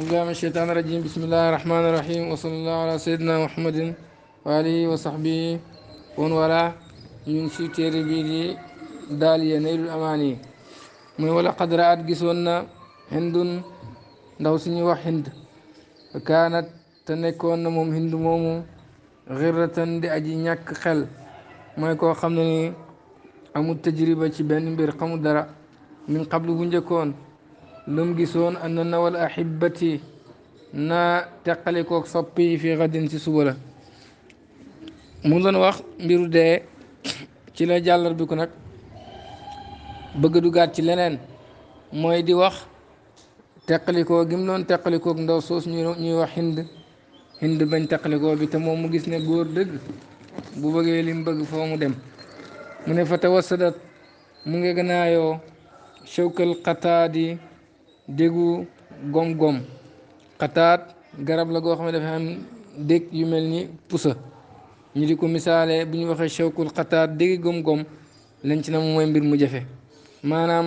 الله من الشيطان الرجيم بسم الله الرحمن الرحيم وصلى الله على سيدنا محمد وآله وصحبه ومن والاه تيري تيربيدي داليا نيل الأماني من ولا قد رأت جسونا هند دوسني وحند فكانت تنكون موم هند موم غرة دي أجي نيك خل ما يكون خمني أمو التجربة بين برقم درا من قبل بنجكون lu mu gisoon anna nawal ahibati na teqalikoog soppi yi fii xadin ci suba la mu doon wax mbiru dee ci la jàllar bi nag bëgg du dugaat ci leneen mooy di wax teqalikoo gim doon teqalikoog ndaw soos ñuy wax hind hind bañ teqalikoo bi te moom mu gis ne góor dëgg bu bëggee lim bëgg foo mu dem mu ne fa tawassadat mu ngi gënaayoo shawkal qataadi déggu gom-gom xataat garab la goo xam ne dafa dégg yu mel ni pusa ñu di ko misaale bu ñu waxee chawkul xataat dégg gom-gom lañ ci na mooy mbir mu jafe maanaam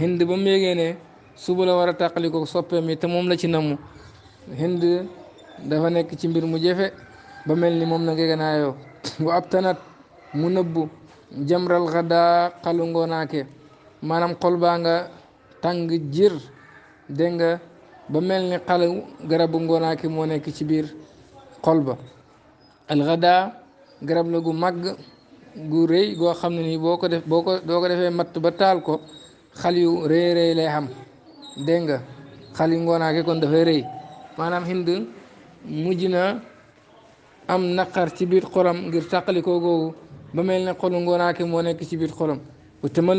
hind ba mu yégee suba la war a tàqali ko soppeem yi te moom la ci namu hind dafa nekk ci mbir mu jafe ba mel ni moom na ngeganaayoo wa ab tanat mu nëbbu jamral xadaa xalu ngoonaake maanaam xol baa nga tàng jir dégg nga ba mel ni xalaw garabu ngoonaaki moo nekk ci biir xol ba alxadaa garab la gu màgg gu rëy goo xam ne nii boo ko def boo ko boo ko defee matt ba taal ko xal yu rëy rëy lay xam dégg nga xal yu ngoonaaki kon dafay rëy maanaam hind mujj na am naqar ci biir xolam ngir tàqalikoo googu ba mel ne xolu ngoonaaki moo nekk ci biir xolam bu tëmal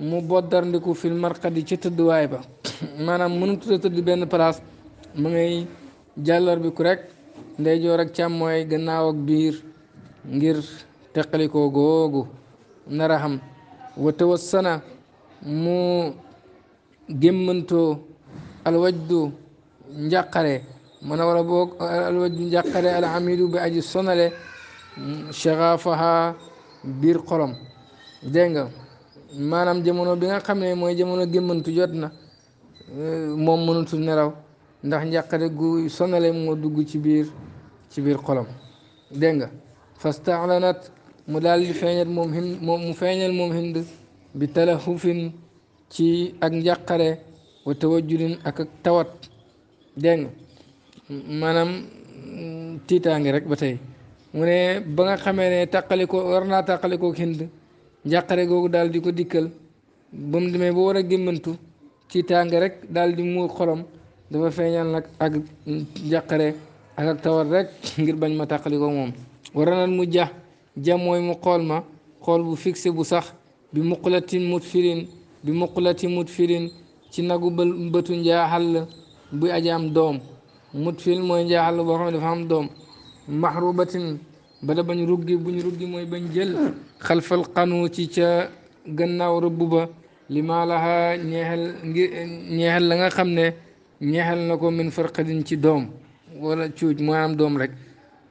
mu boddarndiku fil marqadi ci tëdduwaay ba maanaam mënututa tëdd benn place mu ngay jàllar bi ku rek ndeyjoor ak càmmooy gannaaw ak biir ngir teqalikoo googu nara xam wa tawassana mu al alwajdu njàqare mana wala boog alwajdu njàqare alhamidu bi aji sonale mm, shagaafaha biir xolom dégg nga maanaam jamono bi nga xam ne mooy jamono gémmantu jot na euh, moom mënatu neraw ndax njàqare gu sonale moo dugg ci biir ci biir xolam dégg nga fastaalanat mu daal di feeñal moom hind mu feeñal moom hind bi talahufin ci ak njàqare wa tawajjudin ak ak tawat dégg nga maanaam tiitaange rek ba tey mu ne ba nga xamee ne tàqalikoo war naa tàqalikoo hind njàqare googu daal di ko dikkal bam mu demee ba war a gémmantu ci tàng rek daal di muur dafa feeñal nag ak njàqare ak ak tawar rek ngir bañ ma tàqali ko moom wara nan mu ja ja mooy mu xool ma xool bu fixé bu sax bi muqulatin mut firin bi muqulati mut firin ci nagu bëtu njaaxal la bu ajaam doom mut firin mooy njaaxal boo xam dafa am doom mahrubatin bala bañ ruggi buñ ruggi mooy bañ jël xalfal xanu ci ca gannaaw rëbb ba li maa laha ñeexel ngir ñeexel la nga xam ne ñeexel na ko min farqadin ci doom wala cuuj mooy am doom rek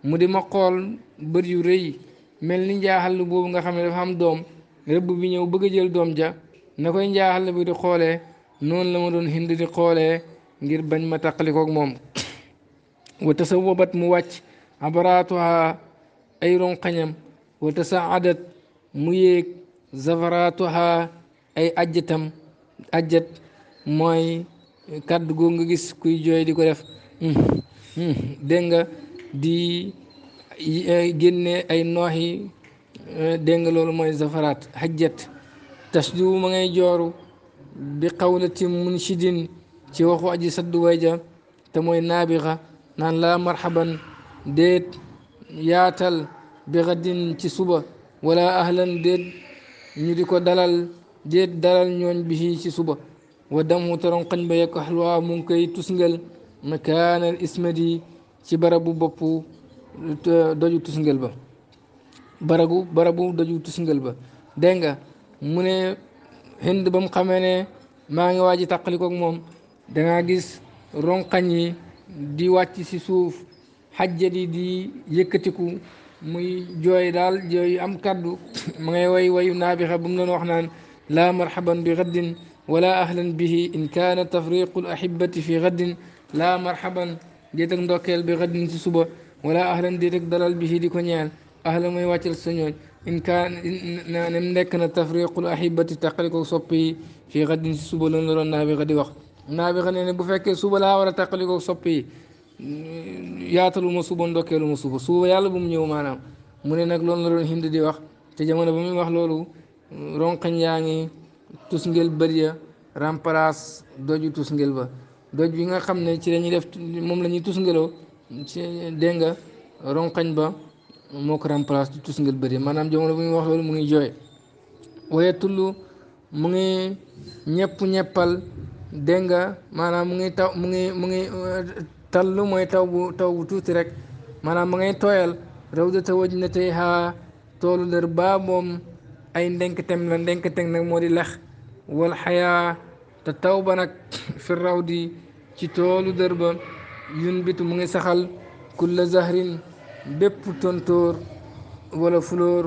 mu di ma xool bër yu rëy mel ni njaaxal boobu nga xam ne dafa am doom rëbb bi ñëw bëgg a jël doom ja na koy njaaxal bi di xoolee noonu la ma doon hind di xoolee ngir bañ ma taqalikook moom wa tasawabat mu wàcc abaraatuha ay ronqañam wa tasaadat mu yéeg zafaratuha ay ajjatam ajjat mooy kàddu goo nga gis kuy jooy di ko def hmm, hmm, dégg nga di eh, génne ay nooxi eh, dégg nga loolu mooy zafaraat hajjat tasdu ma ngay jooru bi qawlati munshidin ci waxu aji saddu wayja te mooy naabixa naan laa marhaban déet yaatal bi ci suba walla ahlan déet ñu di ko dalal déet dalal ñooñ bi ci suba wa damu taron xañ ba yekk xalwaa mu ngi koy tusngal makaanal ismadi ci barabu bopp doju tusngal ba baragu barabu ba dégg mu ne hind ba mu xamee ne maa ngi waaji tàqalikoog moom dangaa gis ronqañ yi di wàcc ci suuf xajjali di yëkkatiku muy jooy daal jooy am kaddu ma ngay way wayu naabixa bu mu doon wax naan laa marxaban bi gaddin wala ahlan bihi in kaana tafriqu lahibati fi gaddin laa marxaban déet ndokkeel bi gaddin ci suba wala ahlan déet ak dalal bihi di ko ñaan ahlan mooy wàccal sañooñ in kaan nem nekk na tafriqu lahibati taqaliko sopp yi fi gaddin ci suba loolu la doon naabixa di wax naabixa nee ne bu fekkee suba laa war a taqaliko sopp yi yaataluma suba ndokkeeluma suba suba yàlla bu mu ñëw maanaam mu ne nag loolu la doon Hind di wax te jamono ba muy wax loolu ronqañ yaa ngi tusngel bëri ya remplace doju ba doj bi nga xam ne ci lañuy def moom la ñuy tusngeloo ci dégg nga ronqañ ba moo ko remplace ci tusngel bëri maanaam jamono bu muy wax loolu mu ngi jooy waaye tullu mu ngi ñepp ñeppal dégg maanaam mu ngi taw mu ngi mu ngi tallu mooy taw bu taw bu tuuti rek maanaam ma ngay tooyal rawdata waj na tey haa toolu lër baa moom ay ndenk tem ndenk teg nag moo di lex wal xayaa te taw ba nag fi raw di ci toolu dër ba yun bitu mu ngi saxal kulla zahrin bépp tontóor wala fulóor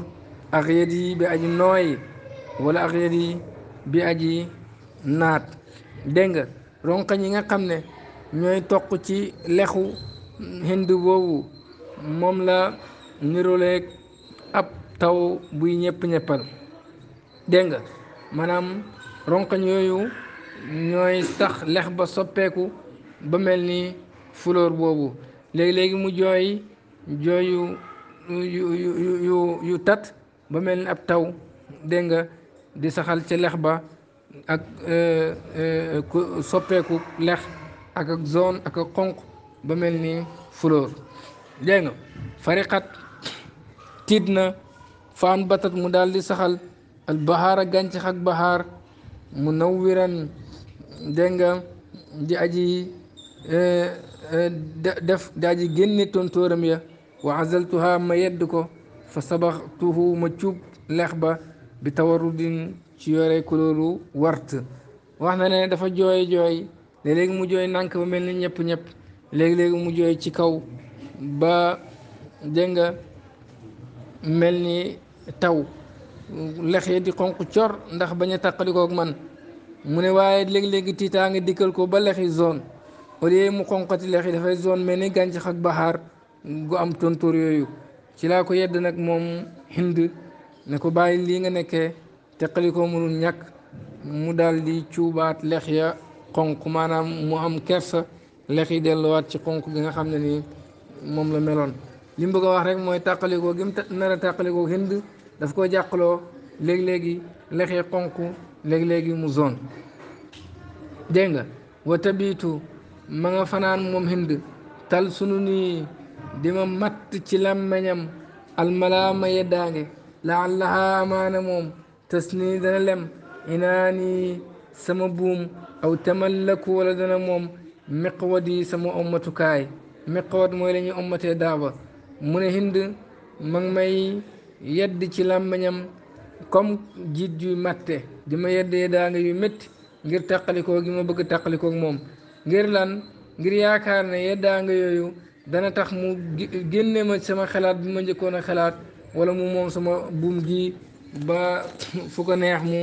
ak yet yi bi aji nooy wala ak yet bi aji naat dégg nga nga xam ne ñooy toq ci lexu hind boobu moom la niroleeg ab taw buy ñepp ñeppal dégg nga maanaam ronkañ yooyu ñooy sax lex ba soppeeku ba mel ni fleur boobu léegi-léegi mu jooy jooyu yu yu yu yu tat ba mel ni ab taw dégg nga di saxal ci lex ba ak euh, euh, soppeeku lex ak ak zone ak ak xonq ba mel ni fleur dégg nga fariqat tiit na faan batat mu daal di saxal al bahaar a gàncax ak bahaar mu nawwiran dégg nga di aji e, e, def di aji génne tontóoram ya wa azaltuha ma yedd ko fa sabaxtuhu ma cuub leex ba bi tawarudin ci yore kulóoru wart wax na ne dafa jooy jooy léeg-léegi mu jooy nànk ba mel ni ñëpp ñëpp léegi-léegi mu jooy ci kaw ba dégg mel ni taw lex yi di xonq cor ndax bañ a tàqalikoog man mu ne waaye léegi-léegi tiitaa nga dikkal ko ba lexi zone au lieu mu xonqati lex yi dafay zone mel ni gàncax ak baxaar gu am tontóor yooyu ci laa ko yedd nag moom hind ne ko bàyyi lii nga nekkee teqalikoo mënul ñàkk mu dal di cuubaat lex ya xonq maanaam mu am kersa lex yi delluwaat ci xonq bi nga xam ne nii moom la meloon li mu bëgg a rek mooy tàqalikoo gi mu nar a tàqalikoo hind daf ko jàqaloo léegi-léegi lex yi xonq léegi-léegi mu zone dégg nga wa tabiitu ma nga fanaan moom hind tal sunu nii dima matt ci làmmeñam almalaama yeddaange laallaha amaana moom tas lem inaa sama buum aw tamallaku wala dana moom miqwad yi sama ommatukaay miqwad mooy la ñuy ommatee daaba mu ne hind ma may yedd ci làmmiñam comme jiit yu matte di ma yeddee daa nga yu metti ngir tàqalikoo gi ma bëgg tàqalikoo ak moom ngir lan ngir yaakaar ne yeddaa nga yooyu dana tax mu génne ma sama xalaat bi ma njëkkoon a xalaat wala mu moom sama buum gi ba fu ko neex mu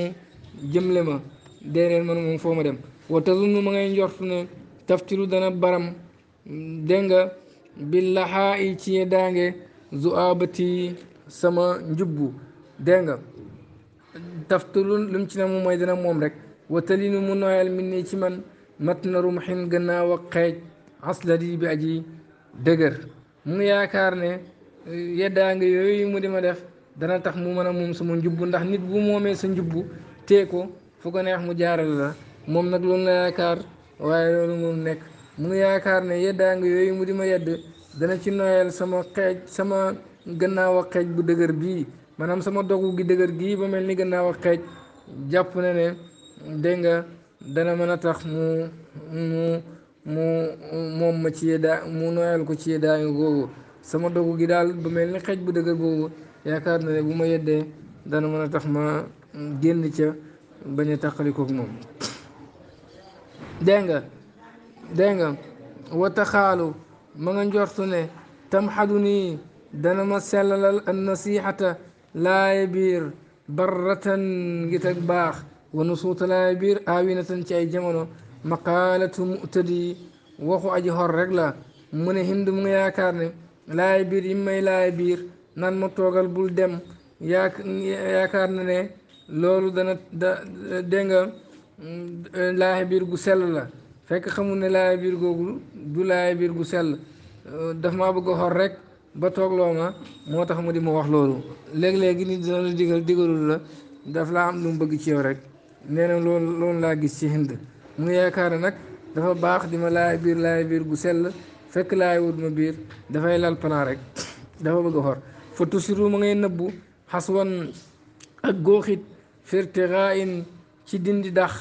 jëmle ma déedéet man moom foo ma dem wa tazunnu ma ngay njort ne taftiru dana baram dégg nga bi laxaa yi ci daange zuabati sama njubbu dégg nga taftiru lu ci ne moom mooy dana moom rek wa talinu mu nooyal min nii ci man mat na rumxin gannaaw ak xeej asladi bi aji dëgër mu yaakaar ne eh, yeddaange yooyu mu di ma def dana tax mu mën a moom sama njubbu ndax nit bu moomee sa njubbu tee ko fu ko neex mu jaaral la moom nag loolu la yaakaar waaye loolu nekk mu yaakaar ne yeddaa nga yooyu mu di ma yedd dana ci noyal sama xeej sama gannaaw a xeej bu dëgër bii maanaam sama dogu gi dëgër gii ba mel ni gannaaw a xeej jàpp na ne dégg nga dana mën a tax mu ma ci yeddaa mu noyal ko ci yeddaa sama dogu gi daal ba mel ni xeej bu dëgër googu yaakaar na ne bu ma yeddee dana mën a tax ma génn ca bañ a taqalikoog moom dégg nga dégg nga ma nga njortu ne tam xadu nii dana ma sellalal an nasihata laaya biir barratan ngit ak baax wa nusuuta laaya biir aawinatan ci ay jamono maqaalatu mutadi waxu aji xor rek la mu ne hindu mu nga yaakaar ne laaya biir yi laaya biir nan ma toogal bul dem yaa yaakaar ne loolu dana da dégg nga mm, laaxe biir gu sell la fekk xamul ne laaxe biir googu du laaxe biir gu sell euh, daf maa bëgg xor rek ba loo ma moo tax ma di ma wax loolu léeg-léegi nit dina la digal la daf laa am lu mu bëgg ci yow rek nee na loolu loolu laa gis ci hind mu yaakaar nag dafa baax di ma laaxe biir laaxe biir gu sell fekk laay wut ma biir dafay lal plan rek dafa bëgg xor fa tusiru ma ngay nëbbu xas wan ak góoxit firtixaain ci dindi dax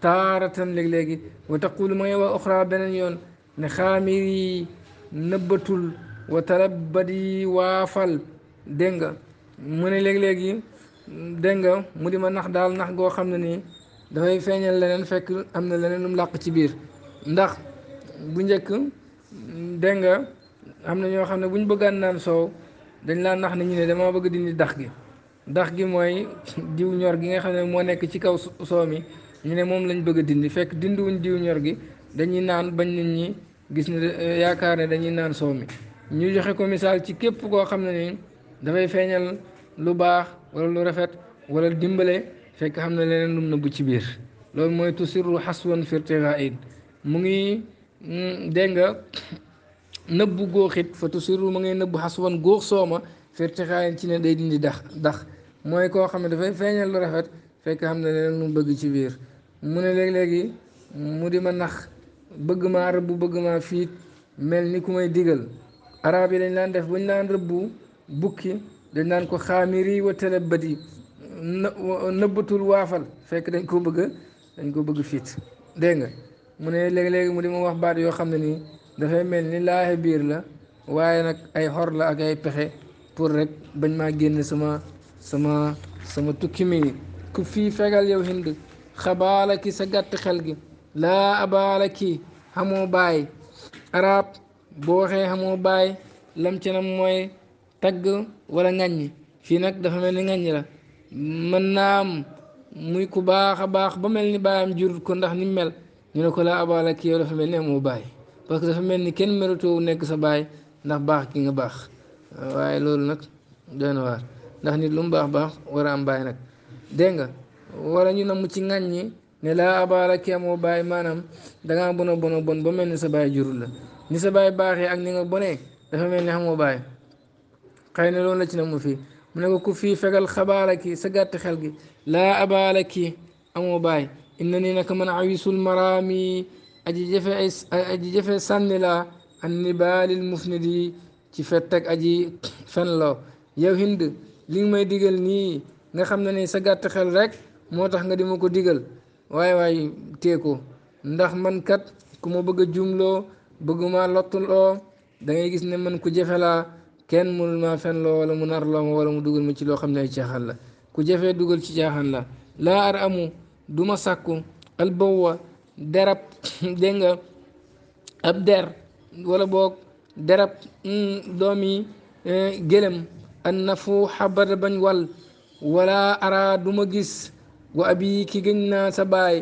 taaratan léeg-léegi wa taqulu ma ngay wax beneen yoon ne xaamir yi nëbbatul wa tarabadi waafal dégg mu ne léeg-léegi dégg nga mu di ma nax daal nax goo xam ne nii dafay feeñal leneen fekk am na leneen lum làq ci biir ndax bu njëkk dégg nga am na ñoo xam ne bu ñu bëggaan naan soow dañ laa nax ne ñu ne damaa bëgg dindi dax gi dax gi mooy diw ñor gi nga xam ne moo nekk ci kaw soo mi ñu ne moom lañ bëgg a dindi fekk dind wuñ diw ñor gi dañuy naan bañ nit ñi gis ne euh, yaakaar ne dañuy naan soo mi ñu joxe ko misaal ci képp koo xam ne ni dafay feeñal lu baax wala lu rafet walla dimbale fekk xam ne leneen lum nëbbu ci biir loolu mooy tusirru xaswan firtiga id mu ngi mm, dégg nga nëbbu góoxit fa tusirru mu ngay nëbbu xaswan góox sooma firtiga id ci ne day dindi dax dax mooy koo xam ne dafay feeñal lu rafet fekk xam ne leen mu bëgg ci biir mu ne léeg-léegi mu di ma nax bëgg maa rëbbu bëgg maa fiit mel ni ku may digal arab yi dañ daan def bu ñu daan rëbbu bukki dañ daan ko xaamiri wa tëlëbët yi nëbbatul waafal fekk dañ ko bëgg dañ koo bëgg fiit dégg nga mu ne léegi-léegi mu di ma wax baat yoo xam ne nii dafay mel ni laaxe biir la waaye nag ay xor la ak ay pexe pour rek bañ maa génn sama sama sama tukki mi ku fii fegal yow hind xabaala ki sa gàtt xel gi laa abaala ki xamoo baay arab boo waxee xamoo baay lam ci nam mooy tagg wala ŋaññi fii nag dafa mel ni ŋaññi la mën naa am muy ku baax a baax ba mel ni baayam jur ko ndax ni mel ñu ne ko laa abaala ki yow dafa mel ni amoo baay parce que dafa mel ni kenn méritoo nekk sa baay ndax baax gi nga baax waaye loolu nag doy ndax nit lu mu baax baax war a am bàyyi nag dégg nga wala ñu namm ci ŋañ ñi ne laa abaara kii amoo bàyyi maanaam dangaa bon a bon a bon ba mel ni sa bàyyi jurul la ni sa bàyyi baaxee ak ni nga bonee dafa mel ni xamoo bàyyi xëy na loolu la ci namm fii mu ne ko ku fii fegal xabaara kii sa gàtt xel gi laa abaara kii amoo baay inna nii naka man awisul maraami aji jafe aji jafe sànni laa an nibaalil mufnidi ci fett ak aji fen loo yow hind li nga may digal nii nga xam ne ni sa gàtt xel rek moo tax nga di ma ko digal waaye waaye tee ndax man kat ku ma bëgg a jumloo bëgguma lottuloo da ngay gis ne man ku jafe laa kenn mënul maa fen loo wala mu naar loo ma wala mu dugal ma ci loo xam ne ay caaxaan la ku jafee dugal ci caaxaan la laa ar amu duma ma sàkku albawa derab dégg nga ab der wala boog derab mm, doomi eh, gélem an nafu xabada bañ wal wala ara duma gis wa abi ki gëñ naa sa baay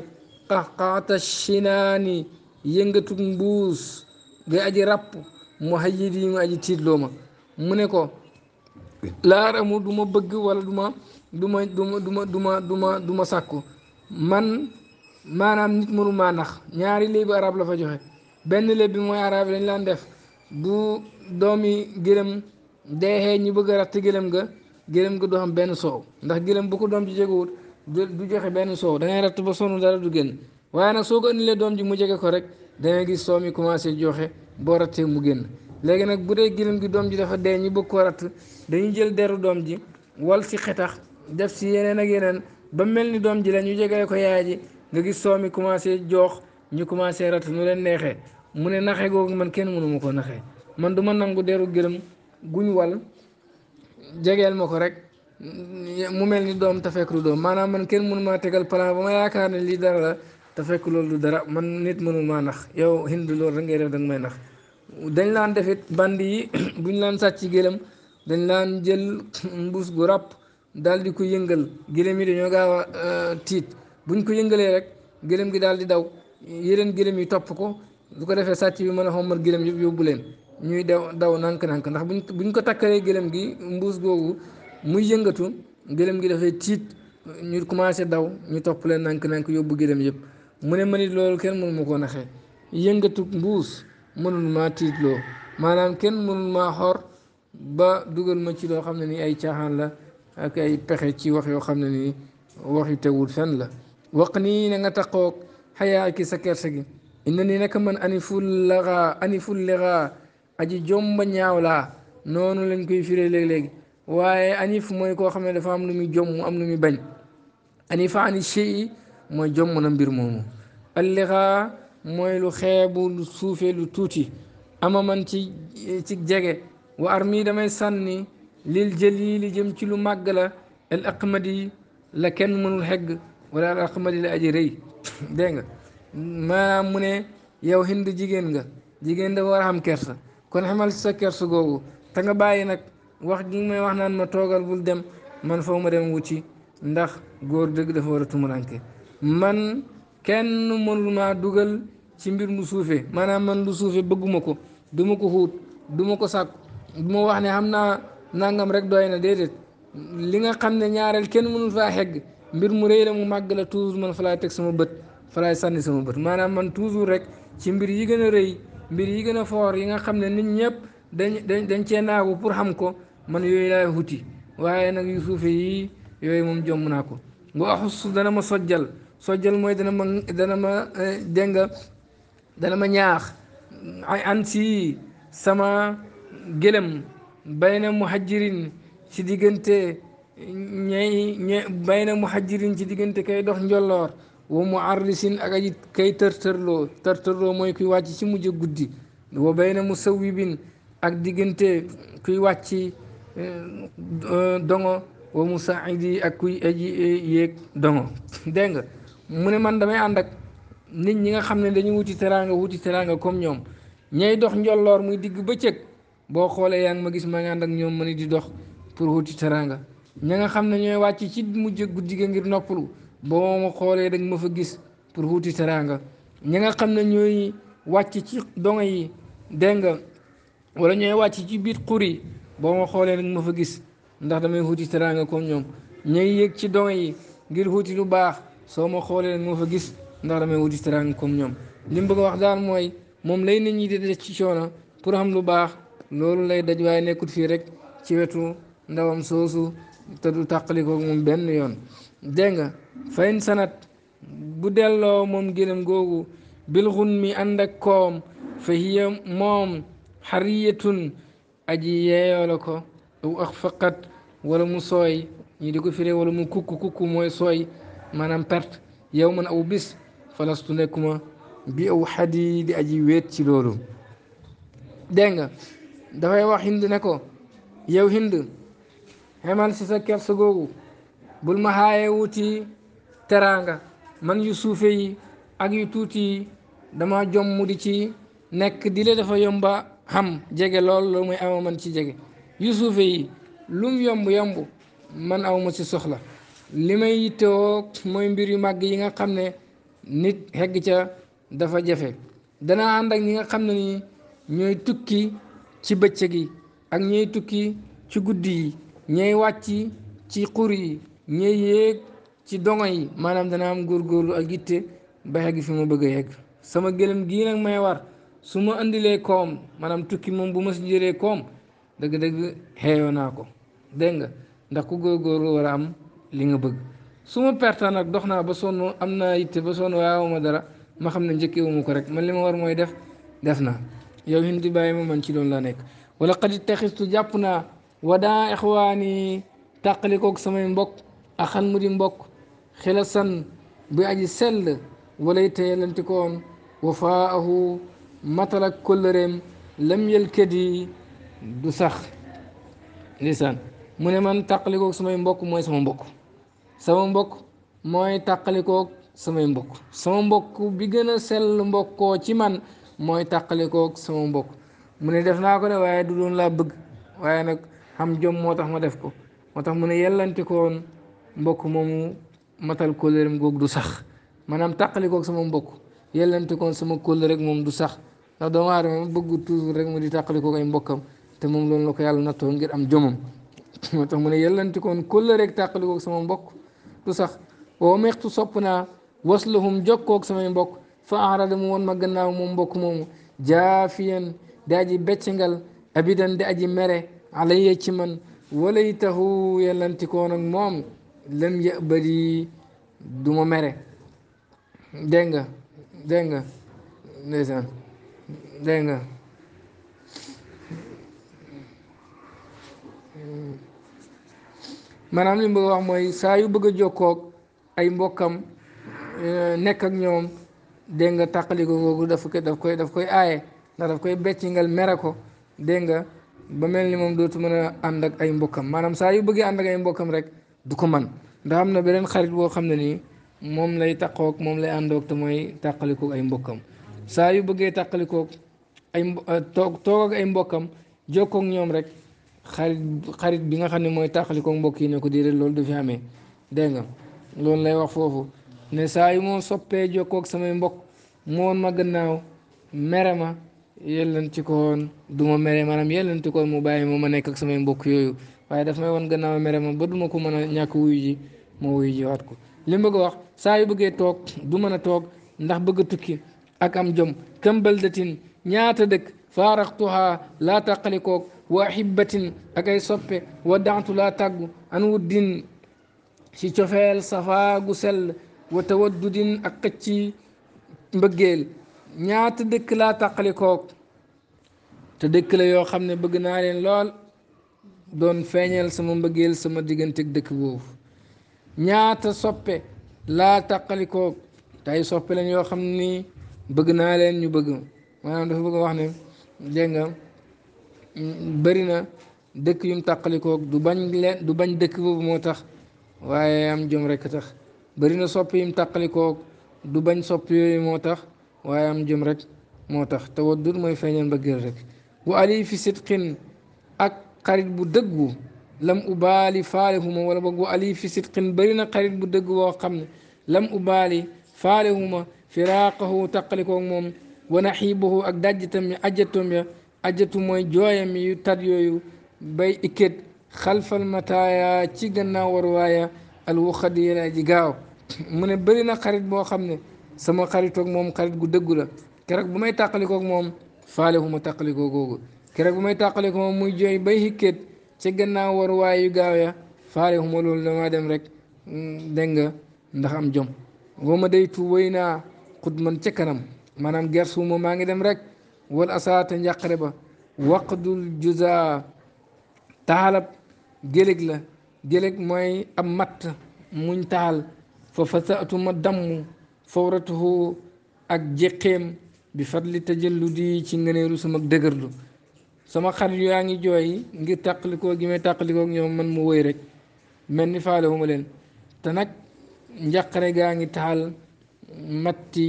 qaxqaata shinaani yëngatug mbuus ga aji ràpp mu hayit mu aji tiitloo ma mu ne ko laaramu duma bëgg wala duma duma duma duma duma duma duma sàkku man maanaam nit mënu maa nax ñaari léebi arab la fa joxe benn léeb bi mooy arab yi dañ laan def bu doomi gërëm deexee ñu bëgg a ratt gëlëm nga gëlëm nga du xam benn soow ndax gëlëm bu ko doom ji jegewut du joxe benn soow da ngay ratt ba sonn dara du génn waaye nag soo ko indilee doom ji mu jege ko rek da ngay soow mi commencé joxe boo rattee mu génn léegi nag bu dee gëlëm gi doom ji dafa dee ñu bëgg ko ratt dañuy jël deru doom ji wal si xetax def si yeneen ak yeneen ba mel ni doom ji la ñu jegee ko yaay ji nga gis soow mi commencé joox ñu commencé ratt nu leen neexee mu ne naxe googu man kenn mënuma koo ko naxee man du ma nangu deru gëlëm guñ wal jegeel ma ko rek mu mel ni doom te fekk du doom maanaam man kenn mënu tegal plan ba ma yaakaar ne lii dara la te fekk loolu dara man nit mënul maa nax yow hindu loolu da ngay def da may nax dañ laan defit band yi buñ laan sàcc gëlëm dañ laan jël mbuus bu ràpp daal di ko yëngal gëlëm yi dañoo gaawa a euh, tiit buñ ko yëngalee rek gëlëm gi daal di daw yeneen gëlëm yi topp ko bu ko defee sàcc bi mën a xommal gëlëm yëpp yóbbu leen ñuy daw daw nànk-nànk ndax buñ buñ ko takkalee gëlëm gi mbuus googu muy yëngatu gëlëm gi dafay tiit ñu commencé daw ñu topp leen nànk-nànk yóbbu gëlëm yëpp mu ne ma loolu kenn mënu mu koo naxee yëngatu mbuus mënul maa tiitloo maanaam kenn mënul maa xor ba dugal ma ci loo xam ne nii ay caaxaan la ak ay pexe ci wax yoo xam ne nii wax yu tegul fenn la wax nii na nga taxoog xayaa ki sa kerse gi inna nii naka man ani ful laxaa ani ful lexaa aji jomba ñaaw laa noonu lañ koy firee léeg-léegi waaye anif mooy koo xam ne dafa am lu muy jomm am lu muy bañ anifa ani shey mooy jomm na mbir moomu allixaa mooy lu xeebu lu suufee lu tuuti ama man ci ci jege wa armi damay sànni lil jëli li jëm ci lu màgg la al aqmadi la kenn mënul xegg wala al aqmadi la aji rëy dégg nga maanaam mu ne yow jigéen nga jigéen dafa war am kersa kon xamal sa kersu googu te nga bàyyi nag wax gi may wax naan ma toogal bul dem man foo ma dem wuti ndax góor dëgg dafa war a tumuranke man kenn mënul maa dugal ci mbir mu suufee maanaam man lu suufee bëgguma ko du ma ko xuut du ma ko sàkku du ma wax ne xam naa nangam rek doy na déedéet li nga xam ne ñaareel kenn mënul faa xegg mbir mu rëy la mu màgg la toujours man fa laay teg sama bët fa laay sànni sama bët maanaam man toujours rek ci mbir yi gën a rëy mbir yi gën a foor yi nga xam ne nit ñëpp dañ dañ dañ cee naagu pour xam ko man yooyu laay wuti waaye nag yu suufe yi yooyu moom jomm naa ko wa axus dana ma sojjal sojjal mooy dana ma dana ma eh, dégg dana ma ñaax ay si sama gëlëm bayna muhajirin ci diggante ñay ñe bayna muhajirin ci diggante kay dox njolloor wa mu arrisin ak aji kay tërtërloo tërtërloo mooy kuy wàcc ci mujj guddi wa na mu sawibin ak diggante kuy wàcc eh, dongo wa mu saidi ak kuy aji eh, yéeg dongo dégg nga mu ne man damay ànd ak nit ñi nga xam ne dañu wuti teraanga wuti teraanga comme ñoom ñay dox njolloor muy digg bëccëg boo xoolee yaa ngi ma gis ma ngi ànd ak ñoom ma ni di dox pour wuti teraanga ña nga xam ne ñooy wàcc ci mujj guddi ga ngir noppalu boo ma xoolee dañ ma fa gis pour wuti teraanga ñi nga xam ne ñooy wàcc ci dongo yi dégg nga wala ñooy wàcc ci biir xur yi boo ma xoolee nag ma fa gis ndax damay wuti teraanga comme ñoom ñooy yéeg ci dongo yi ngir wuti lu baax soo ma xoolee dañ ma fa gis ndax damay wuti teraanga comme ñoom li mu bëgg a wax daal mooy moom lay nit ñi di daj ci coono pour am lu baax loolu lay daj waaye nekkul fii rek ci wetu ndawam soosu te du tàqali ko moom benn yoon dégg fayn sanat bu delloo moom gëlëm googu bil xun mi ànd ak koom fa hiya moom xariyatun aji yeeyoo la ko aw ak faqat wala mu soy ñi di ko firee wala mu kukku kukku mooy sooy maanaam perte yow man aw bis falastu nekkuma bi aw xadi di aji wéet ci loolu dégg nga dafay wax hind ne ko yow hind sa kersa googu bul ma xaaye wuti teraanga man yu suufe yi ak yu tuuti yi dama jom mu di ci nekk di le dafa yomba xam jege lool loolu mooy ama man ci jege yu suufe yi lum yomb yomb man awma ci soxla li may yittewoo mooy mbir yu màgg yi nga xam ne nit xegg ca dafa jafe danaa ànd ak ñi nga xam ne ni ñooy tukki ci bëccëg yi ak ñooy tukki ci guddi yi ñooy wàcc ci xur yi ñooy yéeg ci dongo yi maanaam dana am góorgóorlu ak yitte ba yegg fi ma bëgg a sama gëlëm gii nag may war su ma andilee koom maanaam tukki moom bu ma si jëlee koom dëgg-dëgg xeeyoo naa ko dégg nga ndax ku góorgóorlu war a am li nga bëgg suma ma dox naa ba sonn am na yitte ba sonn waaw ma dara ma xam na ne wuma ko rek man li ma war mooy def def naa yow di bàyyi ma man ci loolu la nekk wala xadi taxistu jàpp naa wadaa ixwaani tàqalikoog samay mbokk axan mu di mbokk xilasan buy aji sell walay te yellantikoon wafaahu matal matalak kóllëreem lam yëlkët yi du sax lisaan mu ne man tàqalikoog samay mbokk mooy sama mbokk sama mbokk mooy tàqalikoog samay mbokk sama mbokk bi gën a mbokkoo ci man mooy tàqalikoog sama mbokk mu ne def naa ko de waaye du doon laa bëgg waaye nag xam jom moo tax ma def ko moo tax mu ne yellantikoon mbokk moomu matal kóllëreem googu du sax maanaam tàqali koog sama mbokk yellante koon sama kóllëre rek moom du sax ndax doomu aadama bëgg toujours rek mu di tàqali koog ay mbokkam te moom loolu la ko yàlla nattoon ngir am jomam moo mu ne yellante koon kóllëre rek tàqali koog sama mbokk du sax woo meextu sopp naa waslahum jokkoog samay mbokk fa arada mu woon ma gannaaw moom mbokk moomu jaafiyan di aji beccingal abidan di aji mere alayya ci man walay taxu yellante koon moom lam ya bëri du ma mere dégg nga dégg nga ndeysaan dégg nga maanaam li mu wax mooy saa yu bëgg a jokkoog ay mbokkam euh, nekk ak ñoom dégg nga tàqaliko googu daf koy daf koy daf koy aaye ndax daf koy beccingal mere ko dégg nga ba mel ni moom dootu mën a ànd ak ay mbokkam maanaam saa yu bëggee ànd ak ay mbokkam rek du ko man ndax am na beneen xarit boo xam ne nii moom lay taqoog moom lay àndoog te mooy tàqalikoog ay mbokkam saa yu bëggee tàqalikoog ay euh, toog toog ay mbokkam jokkoog ñoom rek xarit bi nga xam ne mooy tàqalikoog mbokk yi ne ko déedéet loolu du fi amee dégg nga loolu lay wax foofu ne saa yu moo soppee jokkook samay mbokk moon ma gannaaw mere ma yellanti koon du ma mere maanaam yellanti koon mu bàyyi ma ma samay mbokk yooyu waaye daf may wan gannaaw mere ma ba ma ko mën a ñàkk wuyu ma wuyu ji waat ko li mu bëgg wax saa bëggee toog du mën a toog ndax bëgg tukki ak am jom kam ñaata dëkk la laa tàqalikoog wa xibbatin ak ay soppe wa daantu laa tàggu an wuddin si cofeel safaa gu wa tawaddudin ak xëcci mbëggeel ñaata dëkk laa tàqalikoog te dëkk la yoo xam ne bëgg naa lool doon feeñal sama mbëggeel sama digganteeg dëkk boobu ñaata soppe laa taqalikoo tay soppe lañ yoo xam ni bëgg naa leen ñu bëgg maanaam dafa bëgg wax ne dégg bëri na dëkk yum tàqalikoo du dëkk boobu moo tax waaye am jom rek tax bëri na sopp yum tàqalikoo du bañ sopp yooyu moo tax waaye am jëm rek moo tax tawaddud mooy feeñal mbëggeel rek bu ali fi sidqin xarit bu dëggu lam ubaali faalehuma wala boog wa ali fi sidqin bëri na xarit bu dëggu woo xam ne lam u ubaali faalehuma firaaqahu taqalikoog moom wa naxiibahu ak dajjatam ya ajjatom ya ajjatu mooy jooyam yu tat yooyu bay ikket xalfal mataaya ci gannaaw waruwaaya alwuxadira ji gaaw mu ne bëri na xarit boo xam ne sama xaritoog moom karit gu dëggu la keroog bu may tàqalikoog moom faalehuma tàqalikoo googu keroog bu may tàqale ko moom muy jooy bay xikkéet ca gannaaw war waay yu gaaw ya faale xuma loolu damaa dem rek mm, dégg nga ndax am jom woo ma day tu way naa man ca kanam maanaam gersu moom maa ngi dem rek wal asaata njàqare ba waqdul juza taxalab géléeg la géléeg mooy ab matt muñ taal fa fasaatu ma damm fawratuhu ak jéqeem bi fadli tajalludi ci ngëneelu sama dëgërlu sama xarit yaa ngi jooy ngir tàqalikoo gi may tàqalikoo ñoom man mu wëy rek mel ni faalewuma leen te nag njàqare gaa ngi taal matti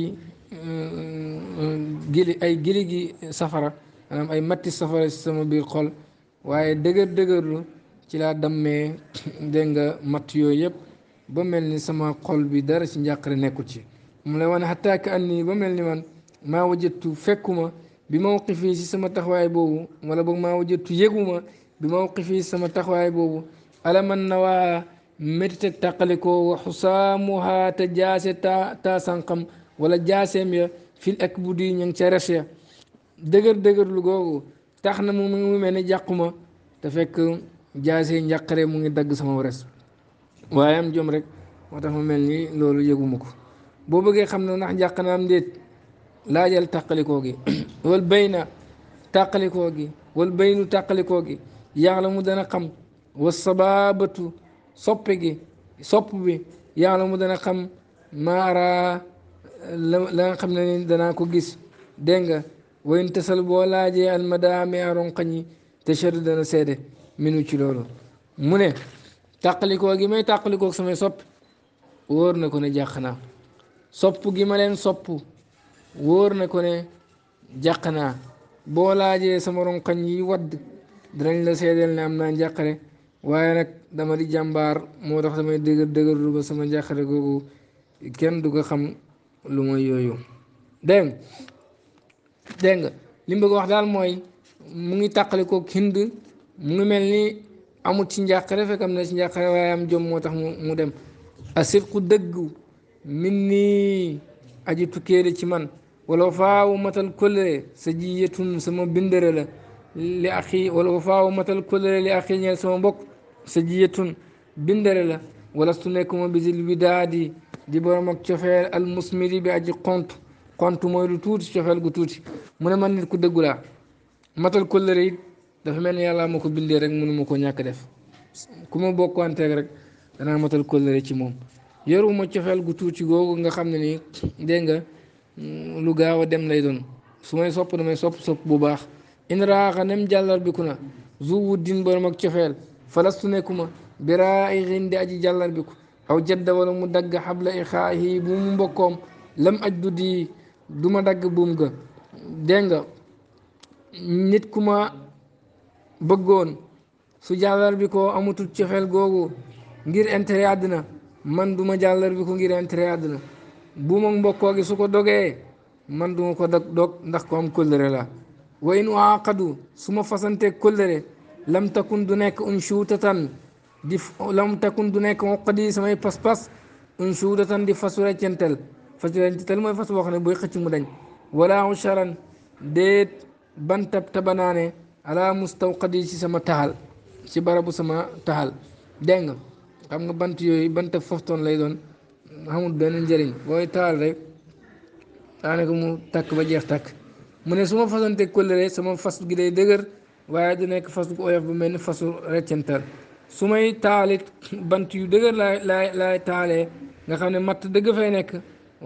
eh, gili ay gili gi safara maanaam ay matti safara ci sama biir xol waaye dëgër dëgërlu ci laa dammee dégg nga matt yooyu yëpp ba mel ni sama xol bi dara ci njàqare nekkul ci mu lay wane xataa ka an nii ba mel ni man maa wajattu fekkuma bi mawqifi si sama taxawaay boobu wala boog maa wajatu yëguma bi mawqifi si sama taxawaay boobu alaman na waa métti taqalikoo wa xusaamuha te jaase ta ta sànqam wala jaaseem ya fil ak bu di ña ngi ca res ya dëgër dëgër lu googu tax na mu mu mel ni jàquma te fekk jaase njàqare mu ngi dagg sama res waaye am jom rek moo tax mu mel ni loolu yëguma ko boo bëggee xam na ndax jàq na am déet laajal tàqalikoo gi wal bayna tàqalikoo gi wal baynu tàqalikoo gi yàlla mu dana xam wa sababatu soppe gi sopp bi yàlla mu dana xam maara la nga xam ne ni danaa ko gis dégg nga wayn tasal boo laajee almadaami aronqañ yi te chadu dana seede minu ci loolu mu ne tàqalikoo gi may tàqalikoo samay sopp wóor na ko ne jàq naa sopp gi ma leen sopp wóor na ko ne jàq naa boo laajee sama ronqañ yi wadd danañ la seedeel ne am naa njàqare waaye nag dama di jàmbaar moo tax damay dëgër dëgërlu ba sama njàqare googu kenn du ko xam lu mooy yooyu dégg nga dégg li mu wax daal mooy mu ngi tàqale ko hind mu ngi mel ni amut ci njàqare fekk am na ci njàqare waaye am jom moo tax mu mu dem asirku dëggu min nii aji tukkee ci man wala faaw matal kóllëre sa jiyatun sama bindere la li axi wala faaw matal kóllëre li axi ñeel sama mbokk sa jiyatun bindere la wala su nekk ma bisil widaadi di borom ak cofeel al musmiri bi aji xont xont mooy lu tuuti cofeel gu tuuti mu ne man ku dëggu matal kóllëre dafa mel ni yàlla ma ko bindee rek mënu ko ñàkk def ku ma bokkanteeg rek danaa matal kóllëre ci moom yoruma cofeel gu tuuti googu nga xam ne nii dégg Mm, lu gaaw a dem lay doon su may sopp damay sopp sopp bu baax in raaxa nem jàllar bi ku na zuwu din borom ak cofeel falastu nekkuma biraa i xiin di aji jàllar bi ku aw jadda wala mu dagg xabla i xaahi bu mu mbokkoom lam aj du di du ma dagg buum ga dégg nga nit ku ma bëggoon su jàllar bi ko amatul cofeel googu ngir intérêt àddina man du ma jàllar bi ko ngir intérêt àddina buumam mbokkoo gi su ko dogee man duma ko dog dog ndax ko am kóllëre la wa in aaqadu su ma fasante kóllëre lam takun du nekk un tan di lam takun du nekk uqadi samay pas-pas un suutatan di fasu reccentel fasu reccentel mooy fas boo xam ne buy xëcc mu dañ wala usharan déet bantab tabanaane mustaw mustawqadi ci sama taxal ci barabu sama taxal dégg nga xam nga bant yooyu banta foftoon lay doon xamul benn njëriñ booy taal rek daanaka mu takk ba jeex takk mu ne suma ma fasante kóllëre sama fas gi day dëgër waaye du nekk fas gu oyof bu mel ni fasu reccantal su may taalit bant yu dëgër laay laay laay nga xam ne matt dëgg fay nekk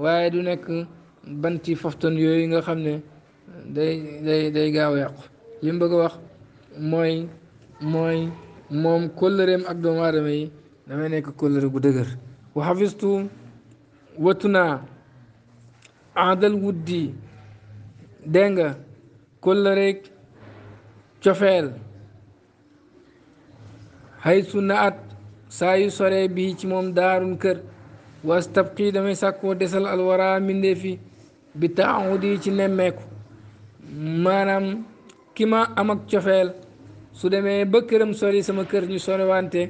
waaye du nekk bant yi faftan yooyu nga xam ne day day gaaw a yàqu li mu bëgg wax mooy mooy moom kóllëreem ak doomu aadama yi damay nekk kóllëre gu dëgër wa xafistu wattu naa aadal wuddi dégg nga kóllëreeg cofeel xay su na at saa yu bii ci moom daarum kër was tabqi damay sàkkoo desal alwara mindee fi bi taawudi ci nemmeeku maanaam ki ma am ak cofeel su demee ba këram sori sama kër ñu sore wante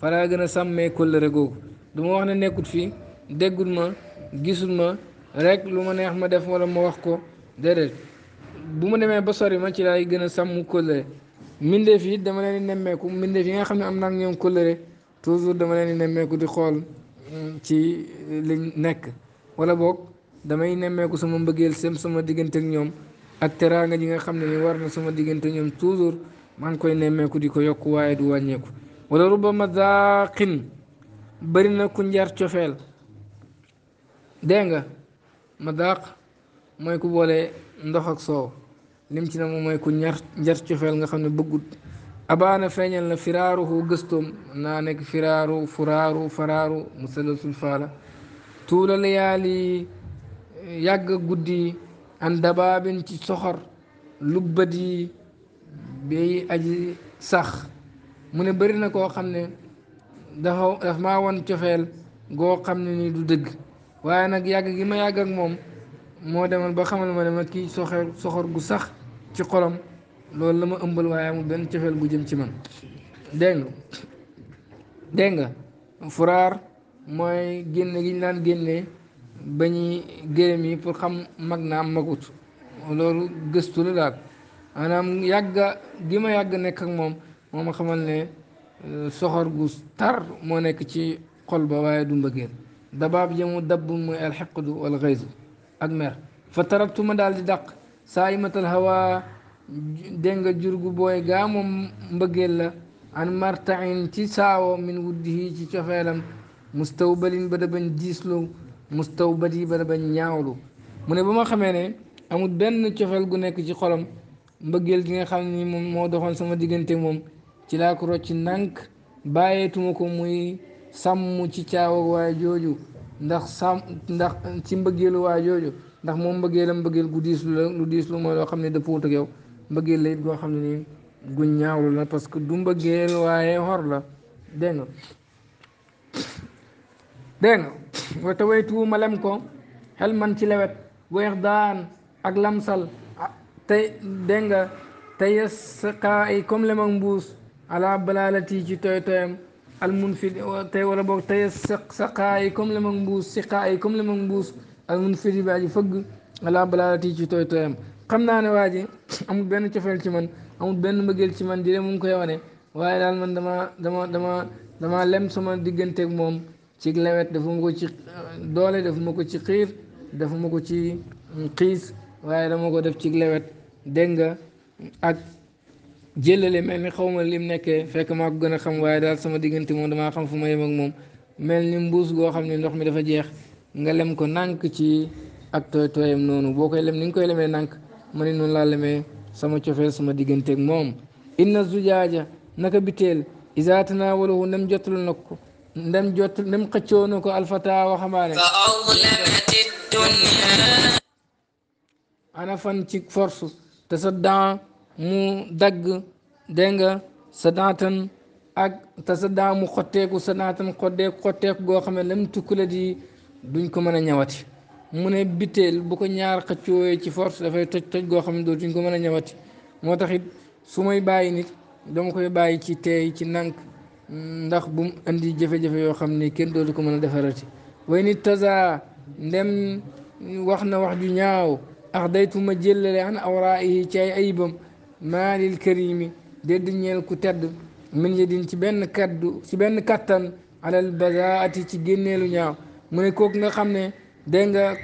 faraa gën a sàmmee kóllëre googu duma wax ne nekkut fii déggul ma gisul ma rek lu ma neex ma def wala ma wax ko déedéet bu ma demee ba sori ma ci laay gën a sàmm kóllëre mbindeef yi dama leen di nemmeeku mbindeef yi nga xam ne am naa ñoom kóllëre toujours dama leen di nemmeeku di xool mm, ci eh, liñ nekk wala boog damay nemmeeku sama mbëggeel sem sama diggante ak ñoom ak teraanga ji nga xam ne ni war na sama diggante ñoom toujours maa ngi koy nemmeeku di ko yokk waaye du wàññeeku wala ruba mazaqin bëri na ku njar cofeel dégg nga ma dàq mooy ku boole ndox soow lim ci na moom mooy ku ñar njar cofeel nga xam ne bëggut abaana feeñal na firaaruhu gëstoom naa nekk firaaru furaaru faraaru musalasul faala tuula layaali yàgg guddi an dabaabin ci soxor lubbat yi bay aji sax mu ne bëri koo xam ne dafa daf maa won cofeel goo xam ne nii du dëgg waaye nag yàgg gi ma yàgg ak moom moo demal ba xamal ma ne ma ki soxor soxor gu sax ci xolam loolu la ma ëmbal waaye amul benn cofeel bu jëm ci man dégg nga dégg nga furaar mooy génne gi ñu daan génne ba pour xam mag naa magut loolu gëstu la daal maanaam yàgga gi ma yàgg nekk ak moom moo ma xamal ne euh, soxor gu tar moo nekk ci xol ba waaye du génn dabaab yamu dabb muy alxiqdu wal xaysu ak mer fa taraktu ma daal di dàq saa imatal hawa dégg nga jur gu booy gaa moom mbëggeel la an martain ci saawo min wuddihi ci cofeelam mustawbalin ba da bañ diislu mustawbadi ba da bañ ñaawlu mu ne ba ma xamee ne amul benn cofeel gu nekk ci xolam mbëggeel gi nga xam ni moom moo doxoon sama diggante moom ci laa ko rocci nànk bàyyeetuma ko muy sàmm ci caawa waay jooju ndax sàmm ndax ci mbëggeelu waay jooju ndax moom mbëggeelam mbëggeel gu diis lu la lu diis lu mooy loo xam ne dëppoo ak yow mbëggeel la it goo xam ne nii gu ñaawlu la parce que du mbëggeel waaye xor la dégg nga dégg nga ci lewet weex daan ak lamsal sa xaa ay comme lem ak mbuus ala balaalati ci tooy tooyam almunfid tey wala boog tey saqaa yi comme la mag mbuus ay yi comme la mag mbuus almunfid yi baa ji fëgg alaa balaalati ci tooy tooyam xam naa ne waa ji amul benn cofeel ci man amul benn mbëggeel ci man di leen mu ngi koy wane waaye daal man dama dama dama dama lem sama digganteeg moom cig lewet dafa ma ko ci euh, doole dafa ma ko ci xiir dafa ma ko ci mm, xiis waaye dama ko def ci lewet dégg nga ak jëlale mel ni xaw ma lim nekkee fekk maa ko gën a xam waaye daal sama diggante moom damaa xam fu ma yem ak moom mel ni mbuus goo xam ne ndox mi dafa jeex nga lem ko nànk ci ak tooy tooyam noonu boo koy lem ni nga koy lemee nànk ma ne noonu laa lemee sama cofeel sama diggante moom inna zujaaja naka biteel isa tanaawalahu ndem jottalu na ko ndem jottal ndem xëccoo na ko alfataa waxambaane ana fan ci force te sa daan mu dagg dégg nga sadaatan ak tasaddaa daamu xotteeku sa sadaatan xotteeku xotteeku goo xam ne lam tukkale di duñ ko mën a ñawati mu ne biteel bu ko ñaar xëccooyee ci force dafay toj toj goo xam ne dootuñ ko mën a ñawati moo tax it su may bàyyi nit dama koy bàyyi ci teey ci nànk ndax bu indi jafe yoo xam ne kenn dootu ko mën a defarati way nit tasaa ndem wax na wax ju ñaaw ax daytu ma jëllale an awraa ci ay ayibam maa lil karimi dédd ñeel ku tedd min yedin ci benn kaddu ci benn kattan alal bazaati ci génneelu ñaaw mu ne kooku nga xam ne dégg nga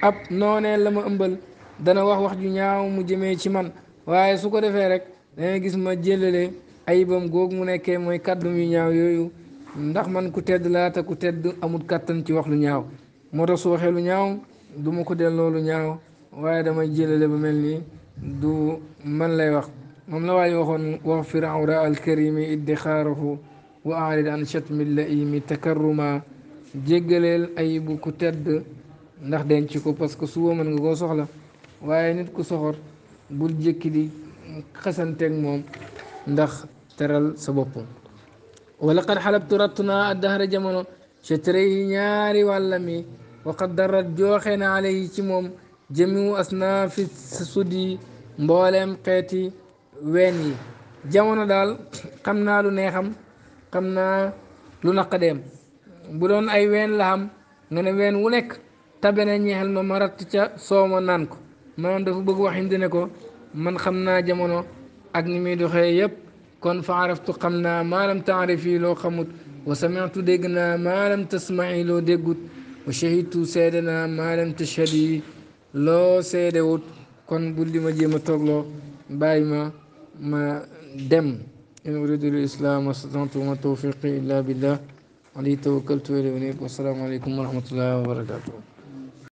ab noonee la ma ëmbal dana wax wax ju ñaaw mu jëmee ci man waaye su ko defee rek dana gis ma jëlale ayibam googu mu nekkee mooy kaddu yu ñaaw yooyu ndax man ku tedd laata ku tedd amul kàttan ci wax lu ñaaw moo tax su waxee lu ñaaw du ma ko delloo lu ñaaw waaye damay jëlale ba mel nii دو من لا وقت مم لا واي وخون وفرع وراء الكريم ادخاره واعرض عن شتم اللئيم تكرما جيغلل اي بو كو تد ناخ دنتي من غو سوخلا واي نيت كو سوخور جيكي دي خسانتك موم ترال سا ولقد حلبت رتنا الدهر جمانو شتري نياري والامي وقد درت جوخنا عليه تي jamiu asnaafi sudi mbooleem xeeti ween yi jamono daal xam naa lu neexam xam naa lu naqadeem bu doon ay ween la xam nga ne ween wu nekk tabe na ñeexal ma ma ca sooma naan ko maanaam dafa bëgg waxindi ne ko man xam naa jamono ak ni muy doxee yépp kon fa araftu xam naa maalam taarifi loo xamut wa samitu dégg naa maalam tasma'i loo déggut wa shahidtu seede naa maalam tashhadi loo seede wut kon bul di ma jéem a toogloo baay ma ma dem in uridul islam wastata'tu ma tawfiqi illa billah alayhi tawakkaltu wa ilayhi unib wassalaamu aleykum wa rahmatullahi wa barakatuh